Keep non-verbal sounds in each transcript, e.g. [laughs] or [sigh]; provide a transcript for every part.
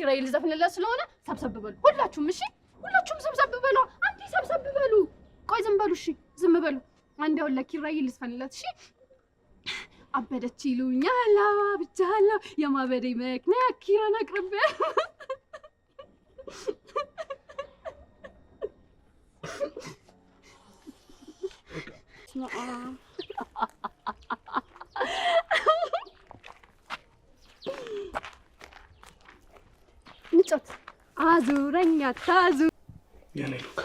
ኪራይ ልዘፍንለት ስለሆነ ሰብሰብ በሉ ሁላችሁም። እሺ ሁላችሁም ሰብሰብ በሉ። አንዴ ሰብሰብ በሉ። ቆይ ዝም በሉ። እሺ ዝም በሉ። አንዴ አሁን ለኪራይ ልዘፍንለት። እሺ አበደች ይሉኛል አብጃለሁ፣ የማበዴ ምክንያት ኪራን አቅርቤ ነው አዙረኛ አታዙ የኔ ሉካ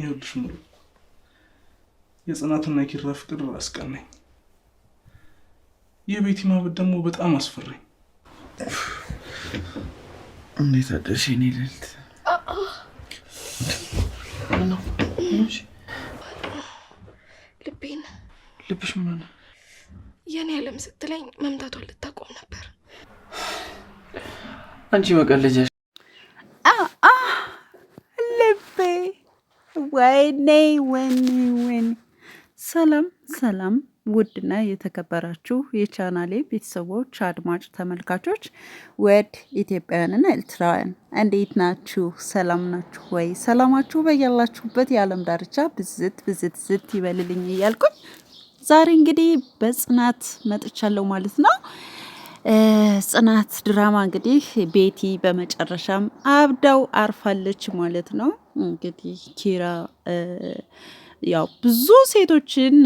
ይኸውልሽ ሙሉ የጽናትና የኪራ ፍቅር አስቀናኝ። የቤቲ ማበድ ደግሞ በጣም አስፈራኝ። እንዴት አደርሽ የኔ ልዕልት? ስትለኝ መምታቷን ልታቆም ነበር። አንቺ መቀለጃ ልቤ ወይኔ ወኔ ወኔ። ሰላም ሰላም፣ ውድና የተከበራችሁ የቻናሌ ቤተሰቦች አድማጭ ተመልካቾች፣ ወድ ኢትዮጵያውያንና ኤርትራውያን እንዴት ናችሁ? ሰላም ናችሁ ወይ? ሰላማችሁ በያላችሁበት የዓለም ዳርቻ ብዝት ብዝት ዝት ይበልልኝ እያልኩኝ ዛሬ እንግዲህ በጽናት መጥቻለሁ ማለት ነው። ጽናት ድራማ እንግዲህ ቤቲ በመጨረሻም አብዳው አርፋለች ማለት ነው። እንግዲህ ኪራ ያው ብዙ ሴቶችን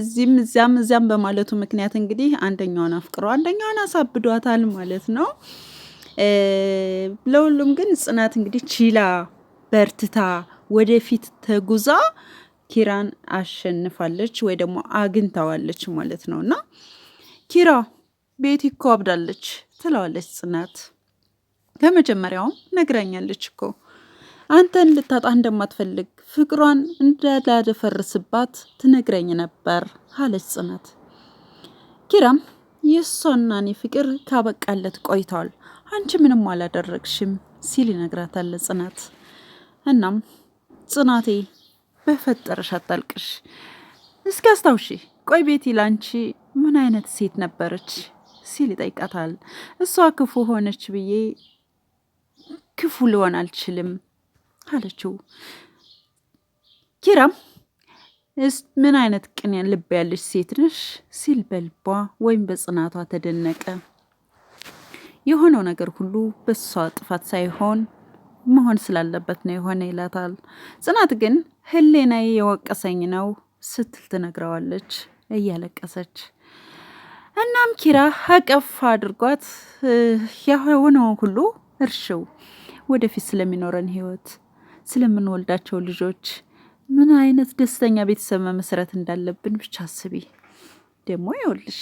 እዚህም እዚያም እዚያም በማለቱ ምክንያት እንግዲህ አንደኛውን አፍቅሮ አንደኛውን አሳብዷታል ማለት ነው። ለሁሉም ግን ጽናት እንግዲህ ችላ በርትታ ወደፊት ተጉዛ ኪራን አሸንፋለች ወይ ደግሞ አግኝታዋለች ማለት ነው። እና ኪራ ቤት እኮ አብዳለች ትለዋለች ጽናት። ከመጀመሪያውም ነግራኛለች እኮ አንተን ልታጣ እንደማትፈልግ ፍቅሯን እንዳላደፈርስባት ትነግረኝ ነበር አለች ጽናት። ኪራም የእሷና እኔ ፍቅር ካበቃለት ቆይተዋል፣ አንቺ ምንም አላደረግሽም ሲል ይነግራታል ጽናት። እናም ጽናቴ በፈጠረሽ አታልቅሽ። እስኪ አስታውሺ፣ ቆይ ቤቲ ላንቺ ምን አይነት ሴት ነበረች ሲል ይጠይቃታል። እሷ ክፉ ሆነች ብዬ ክፉ ልሆን አልችልም አለችው። ኪራም ምን አይነት ቅን ልብ ያለች ሴት ነሽ ሲል በልቧ ወይም በጽናቷ ተደነቀ። የሆነው ነገር ሁሉ በሷ ጥፋት ሳይሆን መሆን ስላለበት ነው የሆነ ይላታል። ጽናት ግን ህሌናዬ የወቀሰኝ ነው ስትል ትነግረዋለች እያለቀሰች። እናም ኪራ አቀፍ አድርጓት የሆነው ሁሉ እርሽው ወደፊት ስለሚኖረን ህይወት፣ ስለምንወልዳቸው ልጆች ምን አይነት ደስተኛ ቤተሰብ መመስረት እንዳለብን ብቻ አስቢ። ደግሞ ይኸውልሽ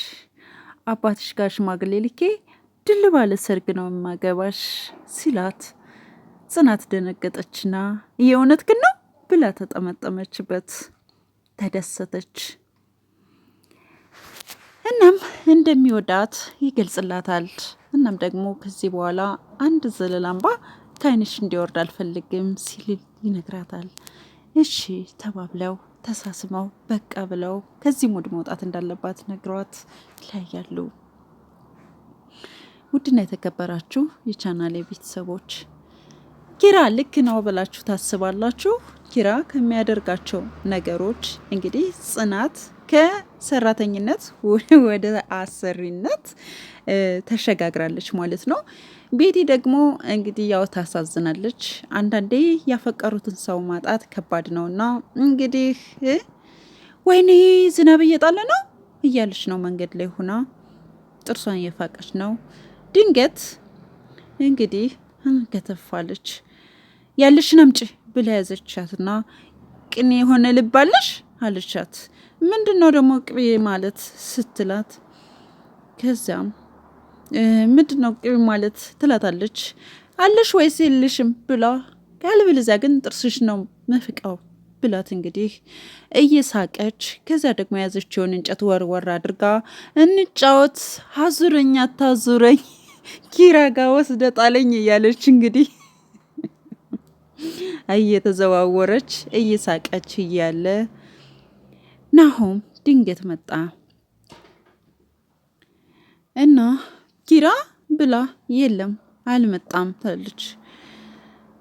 አባትሽ ጋር ሽማግሌ ልኬ ድል ባለ ሰርግ ነው የማገባሽ ሲላት ጽናት ደነገጠችና የእውነት ግን ነው ብላ ተጠመጠመችበት፣ ተደሰተች። እናም እንደሚወዳት ይገልጽላታል። እናም ደግሞ ከዚህ በኋላ አንድ ዘለላ እንባ ከዓይንሽ እንዲወርድ አልፈልግም ሲል ይነግራታል። እሺ ተባብለው ተሳስመው በቃ ብለው ከዚህ ሙድ መውጣት እንዳለባት ነግሯት ይለያሉ። ውድና የተከበራችሁ የቻናሌ ቤተሰቦች ኪራ ልክ ነው ብላችሁ ታስባላችሁ? ኪራ ከሚያደርጋቸው ነገሮች እንግዲህ ጽናት ከሰራተኝነት [laughs] ወደ አሰሪነት ተሸጋግራለች ማለት ነው። ቤቲ ደግሞ እንግዲህ ያው ታሳዝናለች። አንዳንዴ ያፈቀሩትን ሰው ማጣት ከባድ ነው ና እንግዲህ ወይኔ ዝናብ እየጣለ ነው እያለች ነው መንገድ ላይ ሆና ጥርሷን እየፋቀች ነው። ድንገት እንግዲህ ከተፋለች። ያለሽን አምጪ ብላ ያዘቻትና ቅኔ የሆነ ልብ አለሽ አለቻት። ምንድን ነው ደግሞ ቅቤ ማለት ስትላት፣ ከዚያም ምንድን ነው ቅቤ ማለት ትላታለች። አለሽ ወይስ የለሽም ብላ ያልብልዚያ ግን ጥርስሽ ነው መፍቃው ብላት እንግዲህ እየሳቀች ከዚያ ደግሞ የያዘችውን እንጨት ወርወር አድርጋ እንጫወት፣ አዙረኝ አታዙረኝ ኪራጋ ወስደ ጣለኝ እያለች እንግዲህ እየተዘዋወረች እየሳቀች እያለ ናሆም ድንገት መጣ እና ኪራ ብላ የለም አልመጣም ታለች።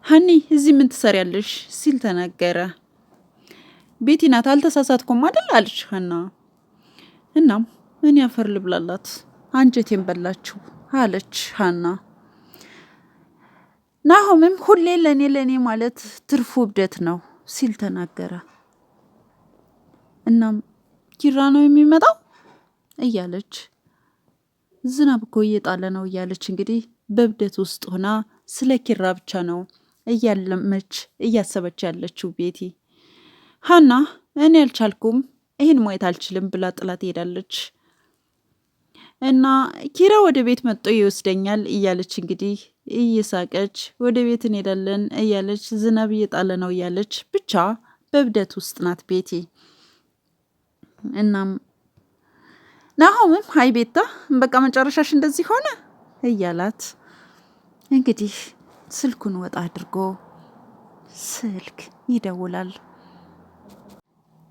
ሀኒ እዚህ ምን ትሰሪያለሽ ሲል ተናገረ። ቤቲ ናት አልተሳሳትኩም አይደል አለች ሀና። እናም እኔ አፈር ልብላላት አንጀቴን በላችሁ አለች ሀና። ናሆምም ሁሌ ለእኔ ለእኔ ማለት ትርፉ እብደት ነው ሲል ተናገረ። እናም ኪራ ነው የሚመጣው እያለች ዝናብ እኮ እየጣለ ነው እያለች እንግዲህ በእብደት ውስጥ ሆና ስለ ኪራ ብቻ ነው እያለመች እያሰበች ያለችው ቤቲ። ሀና እኔ አልቻልኩም ይህን ማየት አልችልም ብላ ጥላት ትሄዳለች። እና ኪራ ወደ ቤት መጥቶ ይወስደኛል እያለች እንግዲህ እየሳቀች ወደ ቤት እንሄዳለን እያለች ዝናብ እየጣለ ነው እያለች ብቻ በብደት ውስጥ ናት ቤቲ። እናም ናሆምም ሀይ ቤታ፣ በቃ መጨረሻሽ እንደዚህ ሆነ እያላት እንግዲህ ስልኩን ወጣ አድርጎ ስልክ ይደውላል።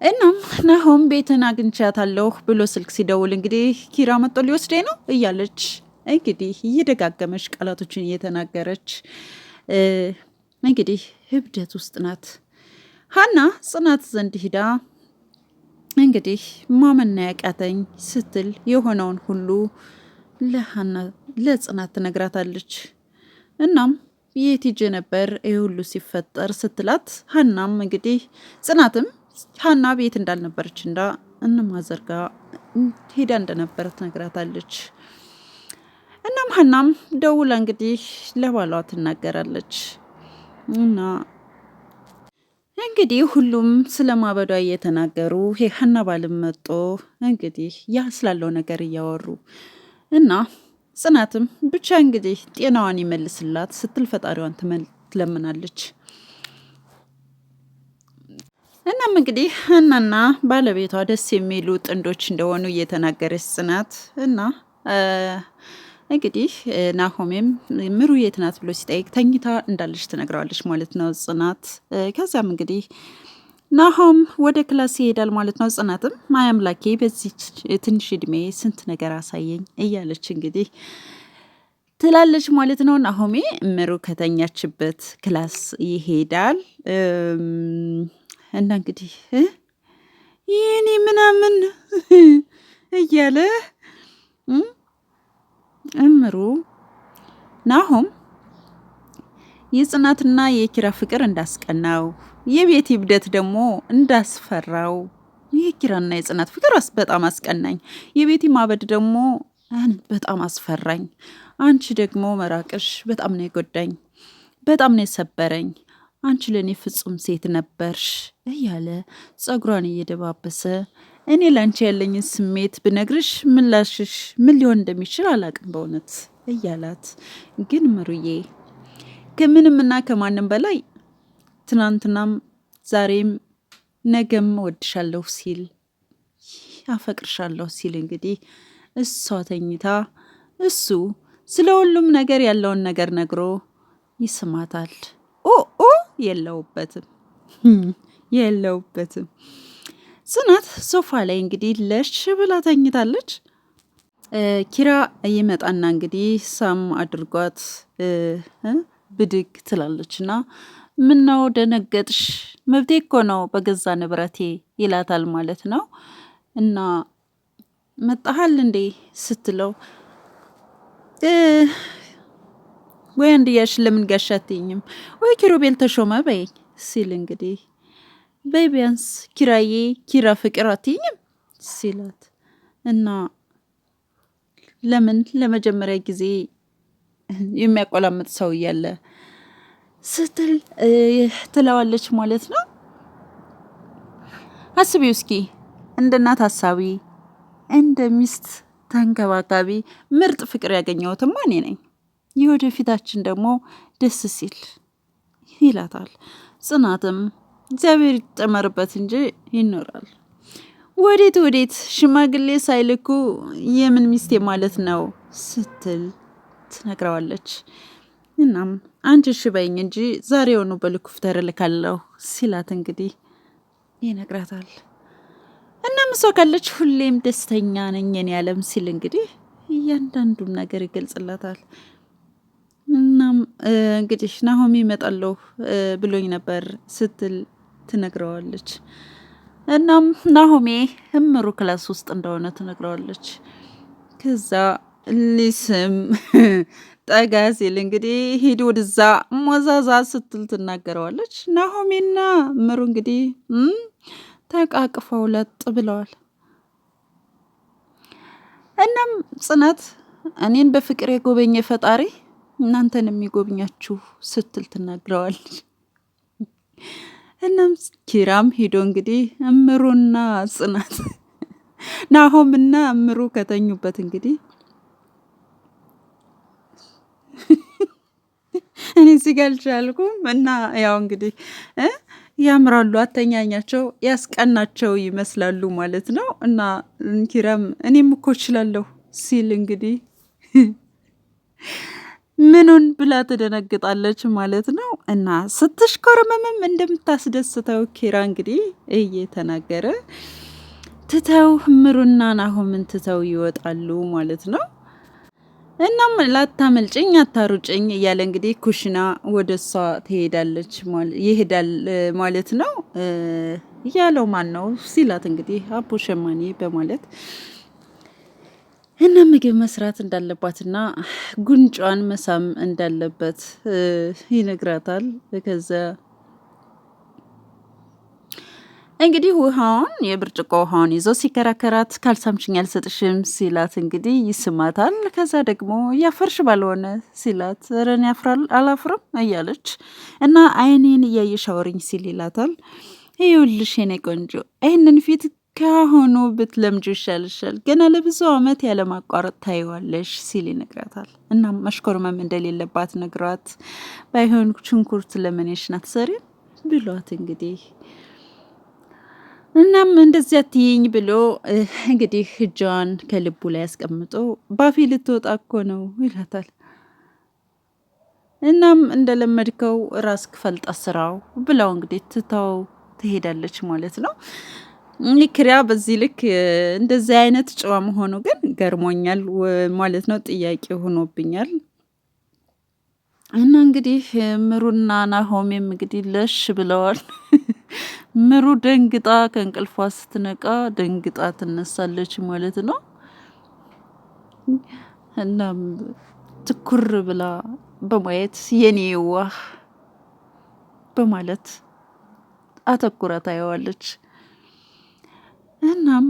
እናም ናሆም ቤትን አግኝቻታለሁ ብሎ ስልክ ሲደውል እንግዲህ ኪራ መጥቶ ሊወስደኝ ነው እያለች እንግዲህ እየደጋገመች ቃላቶችን እየተናገረች እንግዲህ ህብደት ውስጥ ናት። ሀና ጽናት ዘንድ ሂዳ እንግዲህ ማመና ያቃተኝ ስትል የሆነውን ሁሉ ለሀና ለጽናት ትነግራታለች። እናም የት ነበር ይህ ሁሉ ሲፈጠር ስትላት ሀናም እንግዲህ ጽናትም ሀና ቤት እንዳልነበረች እንዳ እንማዘርጋ ሄዳ እንደነበረ ትነግራታለች። እናም ሀናም ደውላ እንግዲህ ለባሏ ትናገራለች እና እንግዲህ ሁሉም ስለ ማበዷ እየተናገሩ ሀና ባልም መጦ እንግዲህ ያ ስላለው ነገር እያወሩ እና ጽናትም ብቻ እንግዲህ ጤናዋን ይመልስላት ስትል ፈጣሪዋን ትለምናለች። እናም እንግዲህ ሀናና ባለቤቷ ደስ የሚሉ ጥንዶች እንደሆኑ እየተናገረች ጽናት እና እንግዲህ ናሆሜም ምሩ የት ናት ብሎ ሲጠይቅ ተኝታ እንዳለች ትነግረዋለች ማለት ነው ጽናት። ከዚያም እንግዲህ ናሆም ወደ ክላስ ይሄዳል ማለት ነው። ጽናትም ማያምላኬ በዚህ ትንሽ እድሜ ስንት ነገር አሳየኝ እያለች እንግዲህ ትላለች ማለት ነው። ናሆሜ ምሩ ከተኛችበት ክላስ ይሄዳል እና እንግዲህ ይህኔ ምናምን እያለ እምሩ ናሆም የጽናትና የኪራ ፍቅር እንዳስቀናው የቤት ይብደት ደግሞ እንዳስፈራው የኪራና የጽናት ፍቅር በጣም አስቀናኝ። የቤቲ ማበድ ደግሞ በጣም አስፈራኝ። አንቺ ደግሞ መራቅሽ በጣም ነው የጎዳኝ፣ በጣም ነው የሰበረኝ። አንቺ ለእኔ ፍጹም ሴት ነበርሽ እያለ ጸጉሯን እየደባበሰ እኔ ላንቺ ያለኝን ስሜት ብነግርሽ ምላሽሽ ምን ሊሆን እንደሚችል አላቅም በእውነት እያላት ግን ምሩዬ እና ከማንም በላይ ትናንትናም ዛሬም ነገም ወድሻለሁ ሲል አፈቅርሻለሁ ሲል እንግዲህ እሷ ተኝታ እሱ ስለ ሁሉም ነገር ያለውን ነገር ነግሮ ይስማታል። ኦ ኦ የለውበትም [laughs] የለውበትም ጽናት ሶፋ ላይ እንግዲህ ለሽ ብላ ተኝታለች። ኪራ ይመጣና እንግዲህ ሳም አድርጓት ብድግ ትላለች እና ምነው ደነገጥሽ? መብቴ እኮ ነው በገዛ ንብረቴ ይላታል ማለት ነው። እና መጣሃል እንዴ ስትለው ወይ አንድያሽ ለምን ጋሻትኝም ወይ ኪሮቤል ተሾመ በይ ሲል እንግዲህ በይ ቢያንስ ኪራዬ ኪራ ፍቅር አትይኝም ሲላት እና ለምን ለመጀመሪያ ጊዜ የሚያቆላምጥ ሰው እያለ ስትል ትለዋለች ማለት ነው። አስቢው እስኪ እንደ እናት አሳቢ እንደ ሚስት ተንከባካቢ ምርጥ ፍቅር ያገኘሁትማ እኔ ነኝ። ወደፊታችን ደግሞ ደስ ሲል ይላታል ጽናትም እግዚአብሔር ይጨመርበት እንጂ ይኖራል። ወዴት ወዴት ሽማግሌ ሳይልኩ የምን ሚስቴ ማለት ነው ስትል ትነግረዋለች። እናም አንቺ እሺ በይኝ እንጂ ዛሬውኑ በልኩፍተር እልካለሁ ሲላት እንግዲህ ይነግራታል። እናም እሷ ካለች ሁሌም ደስተኛ ነኝ የኔ ዓለም ሲል እንግዲህ እያንዳንዱም ነገር ይገልጽላታል። እናም እንግዲህ ናሆሚ ይመጣለሁ ብሎኝ ነበር ስትል ትነግረዋለች። እናም ናሆሜ እምሩ ክላስ ውስጥ እንደሆነ ትነግረዋለች። ከዛ ሊስም [laughs] ጠጋ ሲል እንግዲህ ሂድ ወደዛ ሞዛዛ ስትል ትናገረዋለች። ናሆሜና እምሩ እንግዲህ ተቃቅፈው ለጥ ብለዋል። እናም ጽናት እኔን በፍቅር የጎበኘ ፈጣሪ እናንተን የሚጎብኛችሁ ስትል ትናግረዋለች። እናም ኪራም ሄዶ እንግዲህ እምሩና ጽናት [laughs] ናሆም እና እምሩ ከተኙበት እንግዲህ [laughs] እኔ ሲገልጭ ያልኩም እና ያው እንግዲህ ያምራሉ አተኛኛቸው ያስቀናቸው ይመስላሉ ማለት ነው። እና ኪራም እኔም እኮ እችላለሁ ሲል እንግዲህ [laughs] ምኑን ብላ ትደነግጣለች ማለት ነው። እና ስትሽኮረመምም እንደምታስደስተው ኪራ እንግዲህ እየተናገረ ትተው ምሩና ናሆምን ትተው ይወጣሉ ማለት ነው። እናም ላታመልጭኝ አታሩጭኝ እያለ እንግዲህ ኩሽና ወደ እሷ ትሄዳለች ይሄዳል ማለት ነው። እያለው ማን ነው ሲላት እንግዲህ አቦ ሸማኔ በማለት እና ምግብ መስራት እንዳለባትና ጉንጯን መሳም እንዳለበት ይነግራታል። ከዛ እንግዲህ ውሃውን የብርጭቆ ውሃውን ይዞ ሲከራከራት ካልሳምሽኝ አልሰጥሽም ሲላት እንግዲህ ይስማታል። ከዛ ደግሞ ያፈርሽ ባልሆነ ሲላት ረን አላፍርም እያለች እና አይኔን እያየሽ አውሪኝ ሲል ይላታል። ይኸውልሽ የኔ ቆንጆ ይህንን ፊት ከአሁኑ ብትለምጁ ይሻልሻል፣ ገና ለብዙ ዓመት ያለማቋረጥ ታይዋለሽ ሲል ይነግራታል። እናም መሽኮርመም እንደሌለባት ነግሯት ባይሆን ሽንኩርት ለመኔሽ ናት ብሏት እንግዲህ እናም እንደዚያ ትይኝ ብሎ እንግዲህ እጇን ከልቡ ላይ አስቀምጦ ባፊ ልትወጣ እኮ ነው ይላታል። እናም እንደለመድከው ራስ ክፈልጣ ስራው ብላው እንግዲህ ትታው ትሄዳለች ማለት ነው። ሊክሪያ በዚህ ልክ እንደዚህ አይነት ጨዋ መሆኑ ግን ገርሞኛል ማለት ነው። ጥያቄ ሆኖብኛል። እና እንግዲህ ምሩና ናሆሜም እንግዲህ ለሽ ብለዋል። [laughs] ምሩ ደንግጣ ከእንቅልፏ ስትነቃ ደንግጣ ትነሳለች ማለት ነው። እና ትኩር ብላ በማየት የኔ ዋህ በማለት አተኩራ ታየዋለች። እናም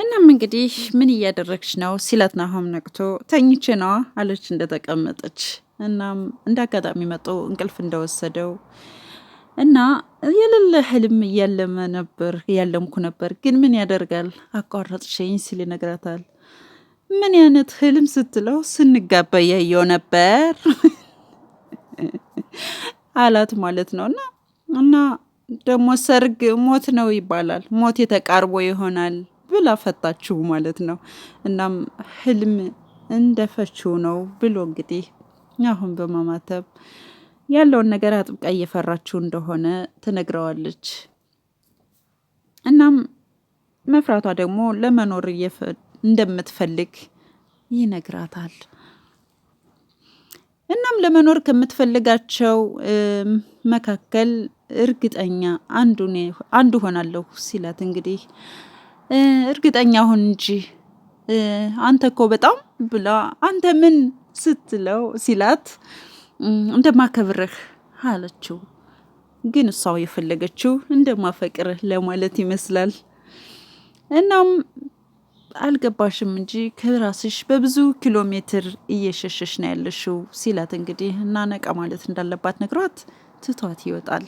እናም እንግዲህ ምን እያደረግች ነው ሲላት ናሆም ነቅቶ ተኝቼ ነዋ አለች እንደተቀመጠች። እናም እንደ አጋጣሚ መጦ እንቅልፍ እንደወሰደው እና የሌለ ህልም እያለመ ነበር እያለምኩ ነበር፣ ግን ምን ያደርጋል አቋረጥሽኝ ሲል ይነግራታል። ምን አይነት ህልም ስትለው ስንጋባ እያየው ነበር አላት ማለት ነው እና እና ደግሞ ሰርግ ሞት ነው ይባላል። ሞት የተቃርቦ ይሆናል ብላ ፈታችሁ ማለት ነው። እናም ህልም እንደፈችው ነው ብሎ እንግዲህ አሁን በማማተብ ያለውን ነገር አጥብቃ እየፈራችሁ እንደሆነ ትነግረዋለች። እናም መፍራቷ ደግሞ ለመኖር እንደምትፈልግ ይነግራታል። እናም ለመኖር ከምትፈልጋቸው መካከል እርግጠኛ አንዱ ሆናለሁ ሲላት፣ እንግዲህ እርግጠኛ ሁን እንጂ አንተ እኮ በጣም ብላ አንተ ምን ስትለው ሲላት፣ እንደማከብርህ አለችው። ግን እሷው የፈለገችው እንደማፈቅርህ ለማለት ይመስላል። እናም አልገባሽም እንጂ ከራስሽ በብዙ ኪሎ ሜትር እየሸሸሽ ነው ያለሽው ሲላት እንግዲህ እና ማለት እንዳለባት ነግሯት ትቷት ይወጣል።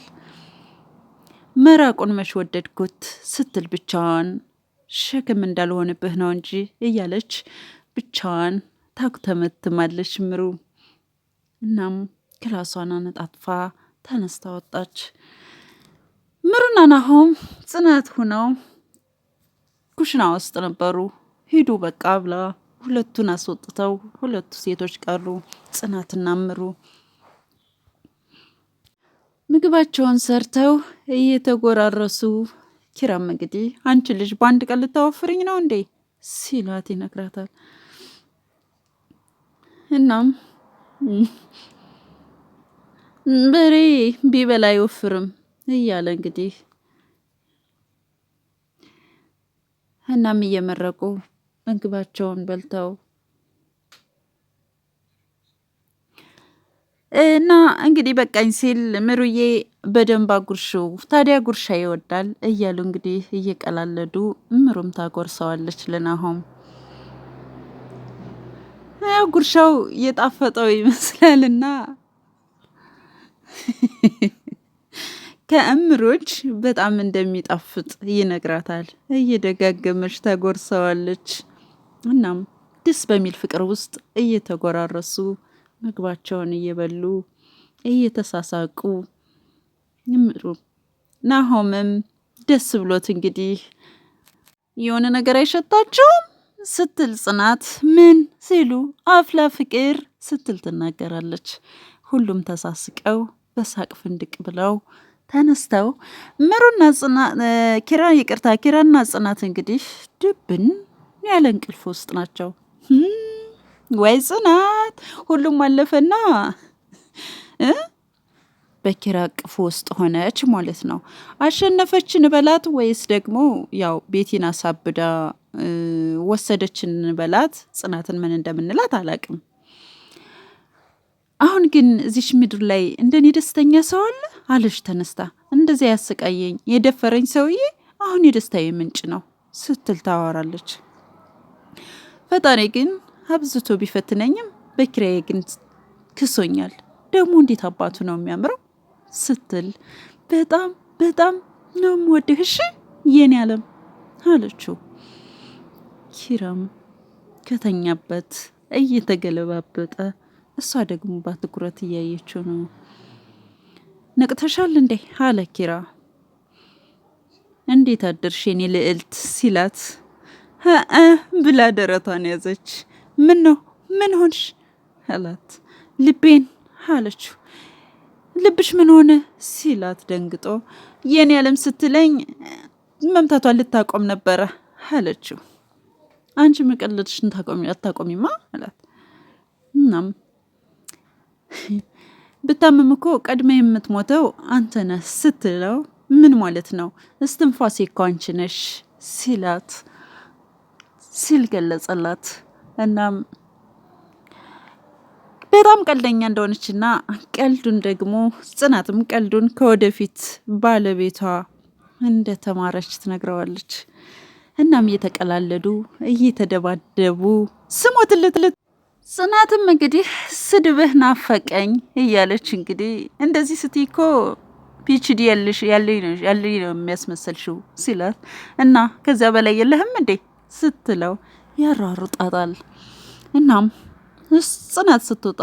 መራቁን መች ወደድኩት ስትል ብቻዋን ሸክም እንዳልሆንብህ ነው እንጂ እያለች ብቻዋን ታኩተመትማለች ምሩ። እናም ክላሷን አነጣጥፋ ተነስታ ወጣች። ምሩና ናሆም ጽናት ሁነው ኩሽና ውስጥ ነበሩ። ሂዱ በቃ ብላ ሁለቱን አስወጥተው ሁለቱ ሴቶች ቀሩ፣ ጽናትና ምሩ። ምግባቸውን ሰርተው እየተጎራረሱ ኪራም እንግዲህ አንቺ ልጅ በአንድ ቀን ልታወፍርኝ ነው እንዴ ሲሏት ይነግራታል። እናም በሬ ቢበላ አይወፍርም እያለ እንግዲህ እናም እየመረቁ ምግባቸውን በልተው እና እንግዲህ በቃኝ ሲል ምሩዬ በደንብ አጉርሺው፣ ታዲያ ጉርሻ ይወዳል እያሉ እንግዲህ እየቀላለዱ ምሩም ታጎርሰዋለች ልናሆም ያው ጉርሻው የጣፈጠው ይመስላልና [laughs] ከእምሮች በጣም እንደሚጣፍጥ ይነግራታል። እየደጋገመች ተጎርሰዋለች እናም ደስ በሚል ፍቅር ውስጥ እየተጎራረሱ ምግባቸውን እየበሉ እየተሳሳቁ ይምሩ። ናሆምም ደስ ብሎት እንግዲህ የሆነ ነገር አይሸታችሁም ስትል ጽናት ምን ሲሉ አፍላ ፍቅር ስትል ትናገራለች። ሁሉም ተሳስቀው በሳቅ ፍንድቅ ብለው ተነስተው ምሩና ኪራ ይቅርታ ኪራና ጽናት እንግዲህ ድብን ያለ እንቅልፍ ውስጥ ናቸው። ወይ ጽናት ሁሉም አለፈና በኪራ ቅፉ ውስጥ ሆነች ማለት ነው። አሸነፈችን በላት ወይስ ደግሞ ያው ቤቲን አሳብዳ ወሰደችን በላት። ጽናትን ምን እንደምንላት አላቅም። አሁን ግን እዚሽ ምድር ላይ እንደኔ ደስተኛ ሰው አለ አለች ተነስታ። እንደዚያ ያሰቃየኝ የደፈረኝ ሰውዬ አሁን የደስታዬ ምንጭ ነው ስትል ታወራለች። ፈጣሪ ግን አብዝቶ ቢፈትነኝም በኪራዬ ግን ክሶኛል። ደግሞ እንዴት አባቱ ነው የሚያምረው ስትል በጣም በጣም ነው የምወድህ እሺ የኔ ያለም አለችው። ኪራም ከተኛበት እየተገለባበጠ እሷ ደግሞ በትኩረት እያየችው ነው። ነቅተሻል እንዴ አለ ኪራ። እንዴት አደርሽ የኔ ልዕልት ሲላት ብላ ደረቷን ያዘች። ምን ነው ምን ሆንሽ አላት። ልቤን አለችው። ልብሽ ምን ሆነ ሲላት ደንግጦ የኔ አለም ስትለኝ መምታቷን ልታቆም ነበረ አለችው። አንቺ መቀለድሽን አታቆሚማ አላት። እናም ብታምም እኮ ቀድሜ የምትሞተው አንተ ነህ ስትለው ምን ማለት ነው እስትንፋሴ እኮ አንቺ ነሽ ሲላት ሲል ገለጸላት። እናም በጣም ቀልደኛ እንደሆነችና ቀልዱን ደግሞ ጽናትም ቀልዱን ከወደፊት ባለቤቷ እንደተማረች ትነግረዋለች። እናም እየተቀላለዱ እየተደባደቡ ስሞትልትልት ጽናትም እንግዲህ ስድብህ ናፈቀኝ እያለች እንግዲህ እንደዚህ ስትይ እኮ ፒችዲ ያለኝ ነው የሚያስመሰልሽው ሲላት እና ከዚያ በላይ የለህም እንዴ ስትለው ያሯሩጣታል። እናም ጽናት ስትወጣ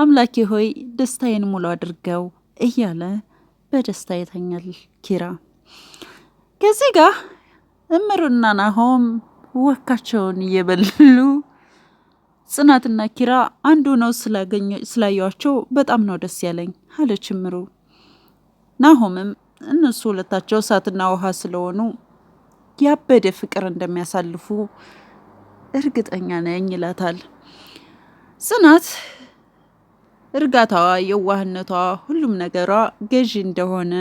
አምላኬ ሆይ ደስታዬን ሙሉ አድርገው እያለ በደስታ ይተኛል ኪራ። ከዚህ ጋር እምሩና ናሆም ወካቸውን እየበሉ ጽናትና ኪራ አንዱ ነው ስላየዋቸው በጣም ነው ደስ ያለኝ አለች እምሩ። ናሆምም እነሱ ሁለታቸው እሳትና ውሃ ስለሆኑ ያበደ ፍቅር እንደሚያሳልፉ እርግጠኛ ነኝ ይላታል። ጽናት እርጋታዋ፣ የዋህነቷ፣ ሁሉም ነገሯ ገዢ እንደሆነ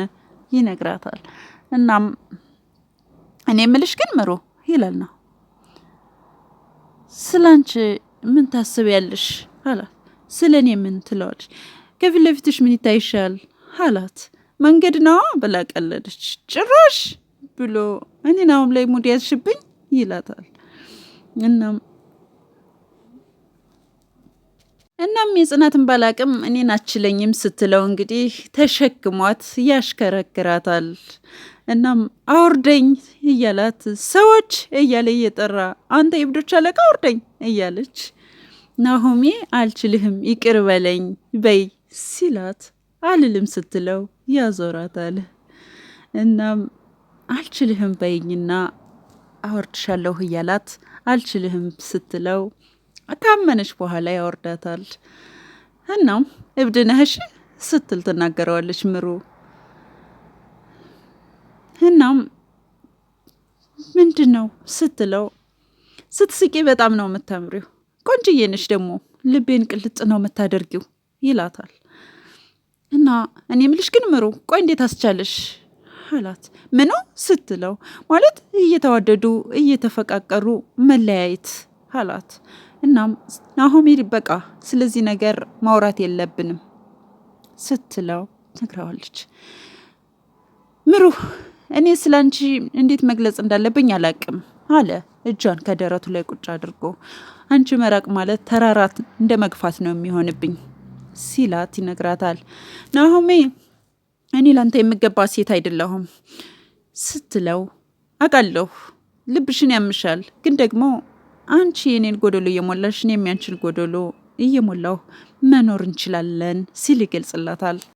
ይነግራታል። እናም እኔ ምልሽ ግን ምሩ ይላል ነው ስለ አንቺ ምን ታስቢያለሽ አላት። ስለ እኔ ምን ትለዋለች? ከፊት ለፊትሽ ምን ይታይሻል አላት። መንገድ ነዋ ብላ ቀለደች። ጭራሽ ብሎ እኔን አሁን ላይ ሙድ ያዝሽብኝ ይላታል። እናም እናም የጽናትን ባላቅም እኔን አችለኝም ስትለው እንግዲህ ተሸክሟት ያሽከረክራታል። እናም አውርደኝ እያላት ሰዎች እያለ እየጠራ አንተ የብዶች አለቃ አውርደኝ እያለች ናሆሜ አልችልህም ይቅር በለኝ በይ ሲላት አልልም ስትለው ያዞራታል። እናም አልችልህም በይኝና አወርድሻለሁ እያላት አልችልህም ስትለው ካመነች በኋላ ያወርዳታል። እናም እብድ ነህሽ ስትል ትናገረዋለች ምሩ። እናም ምንድን ነው ስትለው ስትስቂ በጣም ነው የምታምሪው፣ ቆንጅዬ ነሽ ደግሞ ልቤን ቅልጥ ነው የምታደርጊው ይላታል። እና እኔ ምልሽ ግን ምሩ ቆይ እንዴት አስቻለሽ አላት። ምኖ ስትለው ማለት እየተዋደዱ እየተፈቃቀሩ መለያየት አላት። እናም ናሆሜ በቃ ስለዚህ ነገር ማውራት የለብንም ስትለው ነግረዋለች። ምሩ እኔ ስለ አንቺ እንዴት መግለጽ እንዳለብኝ አላቅም አለ እጇን ከደረቱ ላይ ቁጭ አድርጎ። አንቺ መራቅ ማለት ተራራት እንደ መግፋት ነው የሚሆንብኝ ሲላት ይነግራታል ናሆሜ እኔ ላንተ የምገባ ሴት አይደለሁም ስትለው አውቃለሁ ልብሽን ያምሻል፣ ግን ደግሞ አንቺ የኔን ጎደሎ እየሞላሽ እኔም ያንቺን ጎደሎ እየሞላሁ መኖር እንችላለን ሲል ይገልጽላታል።